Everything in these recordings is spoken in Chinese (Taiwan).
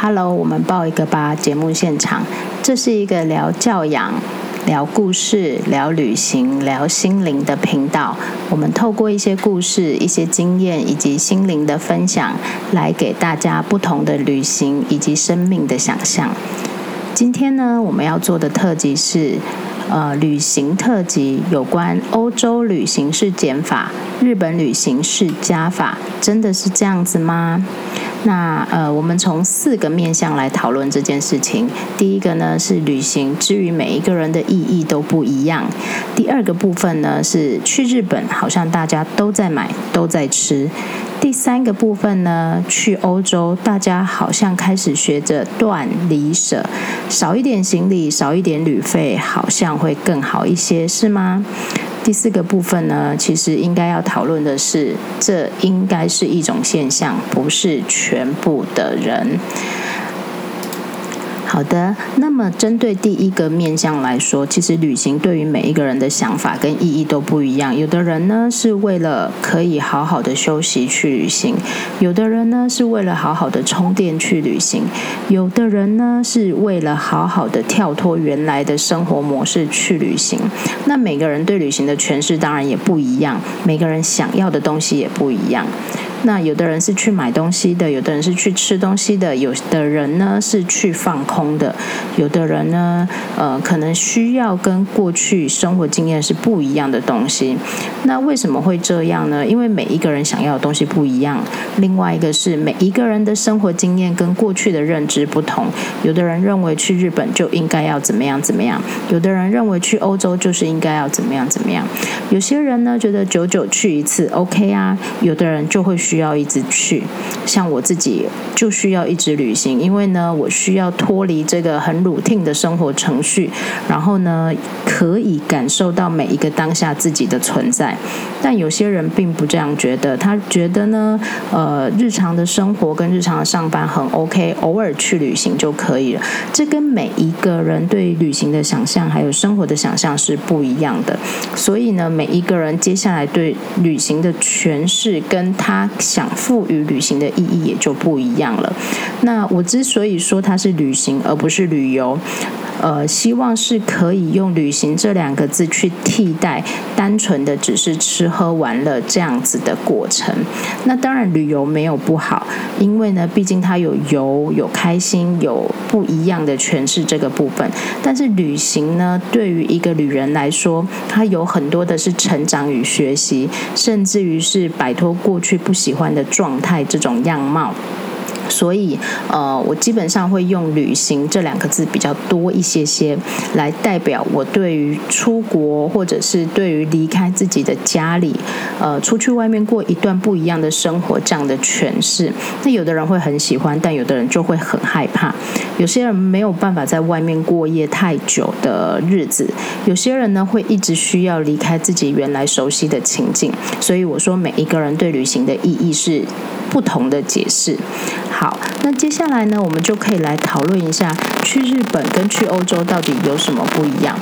Hello，我們報一個吧。節目現場，這是一個聊教養、聊故事、聊旅行、聊心靈的頻道。我們透過一些故事、一些經驗以及心靈的分享，來給大家不同的旅行以及生命的想象。今天呢，我們要做的特輯是呃旅行特輯，有關歐洲旅行是減法，日本旅行是加法，真的是這樣子嗎？那呃，我們從四個面向來討論這件事情。第一個呢是旅行，之於每一個人的意義都不一樣。第二個部分呢是去日本，好像大家都在買，都在吃。第三個部分呢去歐洲，大家好像開始學着斷離舍，少一點行李，少一點旅費，好像會更好一些，是嗎？第四個部分呢，其實應該要討論的是，這應該是一種現象，不是全部的人。好的，那麼針對第一個面向來說，其實旅行對於每一個人的想法跟意義都不一樣。有的人呢是為了可以好好的休息去旅行，有的人呢是為了好好的充電去旅行，有的人呢是為了好好的跳脫原來的生活模式去旅行。那每個人對旅行的詮釋當然也不一樣，每個人想要的東西也不一樣。那有的人是去買東西的，有的人是去吃東西的，有的人呢是去放空的，有的人呢，呃，可能需要跟過去生活經驗是不一樣的東西。那為什麼會這樣呢？因為每一個人想要的東西不一樣。另外一個是每一個人的生活經驗跟過去的認知不同。有的人認為去日本就應該要怎麼樣怎麼樣，有的人認為去歐洲就是應該要怎麼樣怎麼樣。有些人呢覺得久久去一次 OK 啊，有的人就會需要一直去，像我自己就需要一直旅行，因為呢，我需要脫離這個很 routine 的生活程序，然後呢，可以感受到每一個當下自己的存在。但有些人並不這樣覺得，他覺得呢，呃，日常的生活跟日常的上班很 OK，偶爾去旅行就可以了。這跟每一個人對旅行的想象還有生活的想象是不一樣的。所以呢，每一個人接下來對旅行的詮釋跟他想賦予旅行的意義也就不一樣了。那我之所以說它是旅行，而不是旅遊。呃，希望是可以用“旅行”這兩個字去替代單純的只是吃喝玩樂這樣子的過程。那當然，旅遊沒有不好，因為呢，畢竟它有遊、有開心、有不一樣的詮釋這個部分。但是，旅行呢，對於一個旅人來說，它有很多的是成長與學習，甚至於是擺脫過去不喜歡的狀態這種樣貌。所以，呃，我基本上會用“旅行”這兩個字比較多一些些，來代表我對於出國或者是對於離開自己的家裡，呃，出去外面過一段不一樣的生活這樣的詮釋。那有的人會很喜歡，但有的人就會很害怕。有些人沒有辦法在外面過夜太久的日子，有些人呢會一直需要離開自己原來熟悉的情境。所以我說，每一個人對旅行的意義是。不同的解釋。好，那接下來呢，我們就可以來討論一下去日本跟去歐洲到底有什麼不一樣？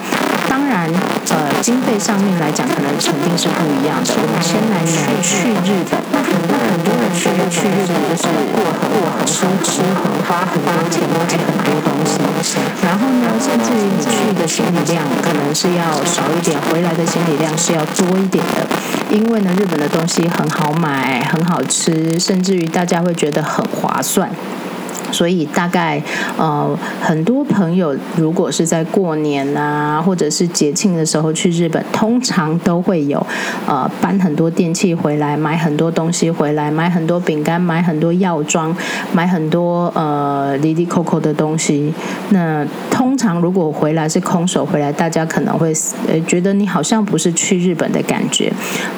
當然，呃，經費上面來講，可能肯定是不一樣的。我們先來去去日本，那很多人去去日本都是過很多吃、吃和花很多錢、買很多東西。然後呢，甚至於你去的行李量可能是要少一點，回來的行李量是要多一點的。因為呢，日本的東西很好買，很好吃，甚至於大家會覺得很划算。所以大概呃，很多朋友如果是在過年啊，或者是節慶的時候去日本，通常都會有呃搬很多電器回來，買很多東西回來，買很多餅乾，買很多藥妝，買很多呃離離扣扣的東西。那通常如果回來是空手回來，大家可能會呃覺得你好像不是去日本的感覺，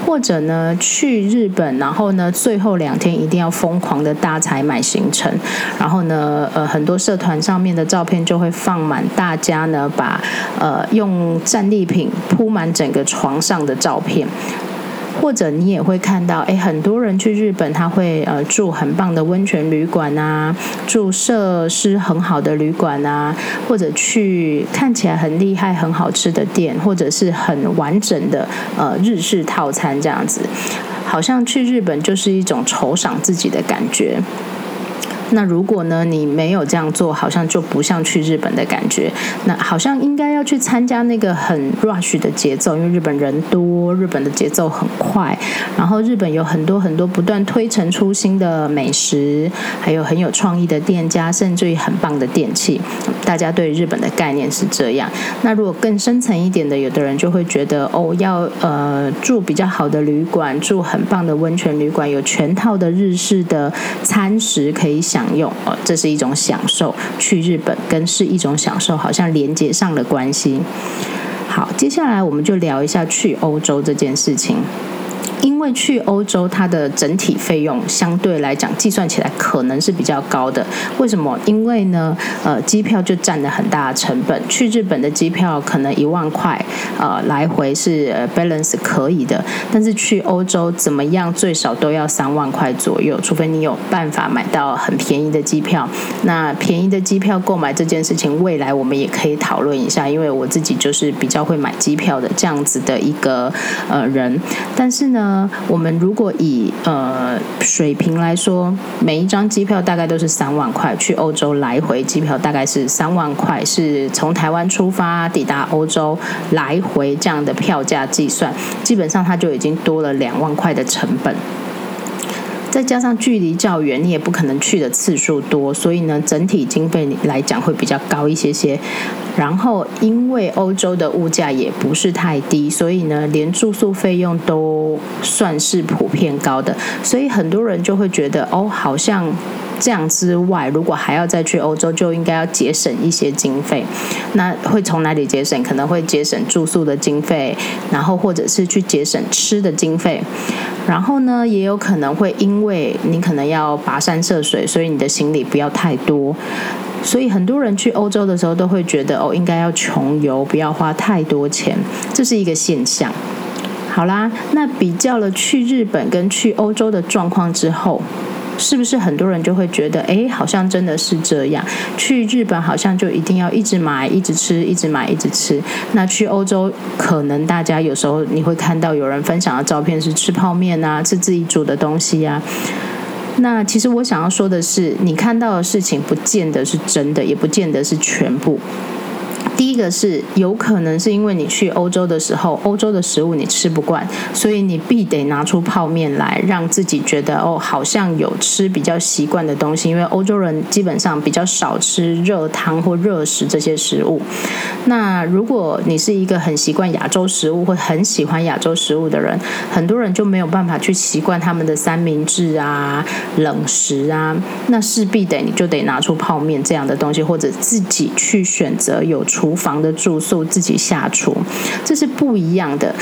或者呢去日本，然後呢最後兩天一定要瘋狂的大採買行程，然後呢。呃，很多社團上面的照片就會放滿大家呢，把呃用戰利品鋪滿整個床上的照片，或者你也會看到，誒、欸，很多人去日本他會呃住很棒的溫泉旅館啊，住設施很好的旅館啊，或者去看起來很厲害、很好吃的店，或者是很完整的呃日式套餐這樣子，好像去日本就是一種酬賞自己的感覺。那如果呢，你沒有這樣做，好像就不像去日本的感覺。那好像應該要去參加那個很 rush 的節奏，因為日本人多，日本的節奏很快。然後日本有很多很多不斷推陳出新的美食，還有很有創意的店家，甚至於很棒的電器。大家對日本的概念是這樣。那如果更深層一點的，有的人就會覺得哦，要呃住比較好的旅館，住很棒的溫泉旅館，有全套的日式的餐食可以享。享用，這是一種享受。去日本跟是一種享受，好像連接上的關係。好，接下來我們就聊一下去歐洲這件事情。因為去歐洲，它的整體費用相對來講計算起來可能是比較高的。為什麼？因為呢，呃，機票就佔了很大的成本。去日本的機票可能一萬塊，呃，來回是 balance 可以的。但是去歐洲怎麼樣？最少都要三萬塊左右，除非你有辦法買到很便宜的機票。那便宜的機票購買這件事情，未來我們也可以討論一下。因為我自己就是比較會買機票的這樣子的一個呃人，但是呢。我們如果以呃水平來說，每一張機票大概都是三萬塊，去歐洲來回機票大概是三萬塊，是從台灣出發抵達歐洲來回這樣的票價計算，基本上它就已經多了兩萬塊的成本。再加上距離較遠，你也不可能去的次數多，所以呢，整體經費來講會比較高一些些。然後，因為歐洲的物價也不是太低，所以呢，連住宿費用都算是普遍高的，所以很多人就會覺得，哦，好像這樣之外，如果還要再去歐洲，就應該要節省一些經費。那會從哪裡節省？可能會節省住宿的經費，然後或者是去節省吃的經費。然後呢，也有可能會因為你可能要跋山涉水，所以你的行李不要太多。所以很多人去歐洲的時候都會覺得，哦，應該要窮遊，不要花太多錢，這是一個現象。好啦，那比較了去日本跟去歐洲的狀況之後。是不是很多人就會覺得，欸，好像真的是這樣？去日本好像就一定要一直買，一直吃，一直買，一直吃。那去歐洲，可能大家有時候你會看到有人分享的照片是吃泡麵啊，吃自己煮的東西啊。那其實我想要說的是，你看到的事情不見得是真的，也不見得是全部。第一個是有可能是因為你去歐洲的時候，歐洲的食物你吃不慣，所以你必得拿出泡麵來，讓自己覺得哦，好像有吃比較習慣的東西。因為歐洲人基本上比較少吃熱湯或熱食這些食物。那如果你是一個很習慣亞洲食物或很喜歡亞洲食物的人，很多人就沒有辦法去習慣他們的三明治啊、冷食啊，那勢必得你就得拿出泡麵這樣的東西，或者自己去選擇有出無房的住宿自己下廚，這是不一樣的。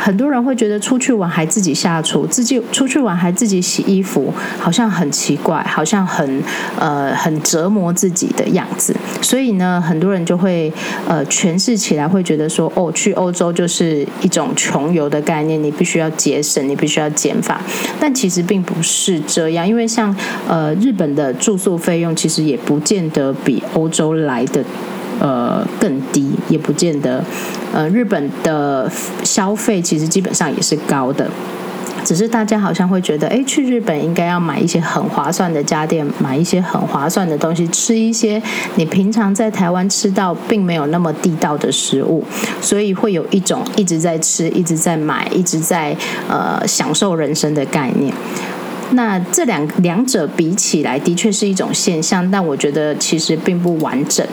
很多人會覺得出去玩還自己下廚，自己出去玩還自己洗衣服，好像很奇怪，好像很呃很折磨自己的樣子。所以呢，很多人就會呃詮釋起來，會覺得說：“哦，去歐洲就是一種窮遊的概念，你必須要節省，你必須要減法。”但其實並不是這樣，因為像呃日本的住宿費用其實也不見得比歐洲來的。呃，更低也不見得。呃，日本的消費其實基本上也是高的，只是大家好像會覺得，哎，去日本應該要買一些很划算的家電，買一些很划算的東西，吃一些你平常在台灣吃到並沒有那麼地道的食物，所以會有一種一直在吃、一直在買、一直在呃享受人生的概念。那這兩兩者比起來，的確是一種現象，但我覺得其實並不完整。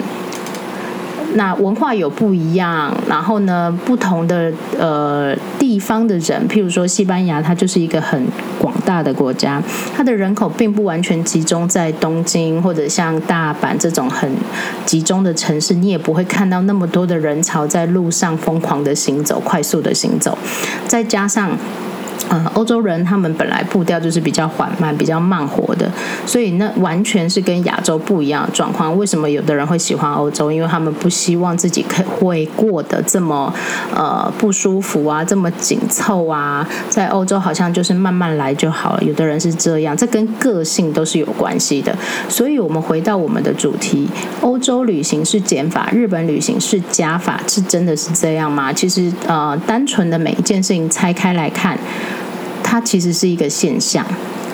那文化有不一樣，然後呢，不同的呃地方的人，譬如說西班牙，它就是一個很廣大的國家，它的人口並不完全集中在東京或者像大阪這種很集中的城市，你也不會看到那麼多的人潮在路上瘋狂的行走，快速的行走，再加上。嗯、呃，歐洲人他們本來步調就是比較緩慢、比較慢活的，所以那完全是跟亞洲不一樣的狀況。為什麼有的人會喜歡歐洲？因為他們不希望自己可會過得這麼呃不舒服啊，這麼緊湊啊，在歐洲好像就是慢慢來就好了。有的人是這樣，這跟個性都是有關係的。所以我們回到我們的主題，歐洲旅行是減法，日本旅行是加法，是真的是這樣嗎？其實呃，單純的每一件事情拆開來看。它其實是一個現象，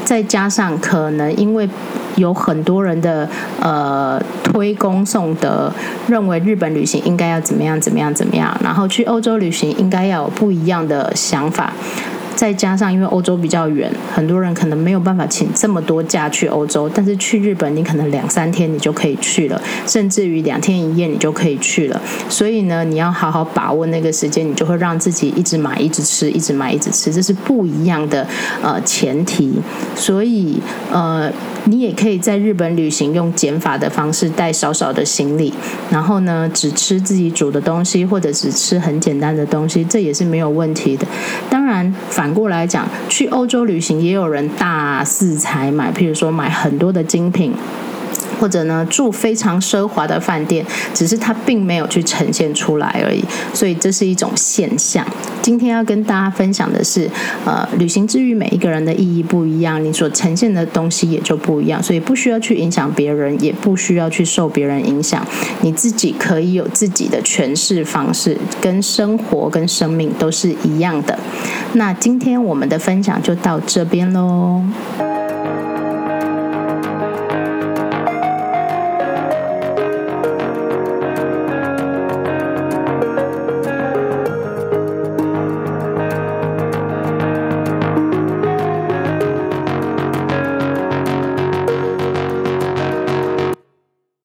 再加上可能因為有很多人的呃推功頌德，認為日本旅行應該要怎麼樣怎麼樣怎麼樣，然後去歐洲旅行應該要有不一樣的想法。再加上，因為歐洲比較遠，很多人可能沒有辦法請這麼多假去歐洲。但是去日本，你可能兩三天你就可以去了，甚至於兩天一夜你就可以去了。所以呢，你要好好把握那個時間，你就會讓自己一直買，一直吃，一直買，一直吃，這是不一樣的呃前提。所以呃，你也可以在日本旅行，用減法的方式帶少少的行李，然後呢，只吃自己煮的東西，或者只吃很簡單的東西，這也是沒有問題的。當然反。過來講，去歐洲旅行也有人大肆採買，譬如說買很多的精品。或者呢，住非常奢華的飯店，只是它並沒有去呈現出來而已，所以這是一種現象。今天要跟大家分享的是，呃，旅行之於每一個人的意義不一樣，你所呈現的東西也就不一樣，所以不需要去影響別人，也不需要去受別人影響，你自己可以有自己的詮釋方式，跟生活跟生命都是一樣的。那今天我們的分享就到這邊嘍。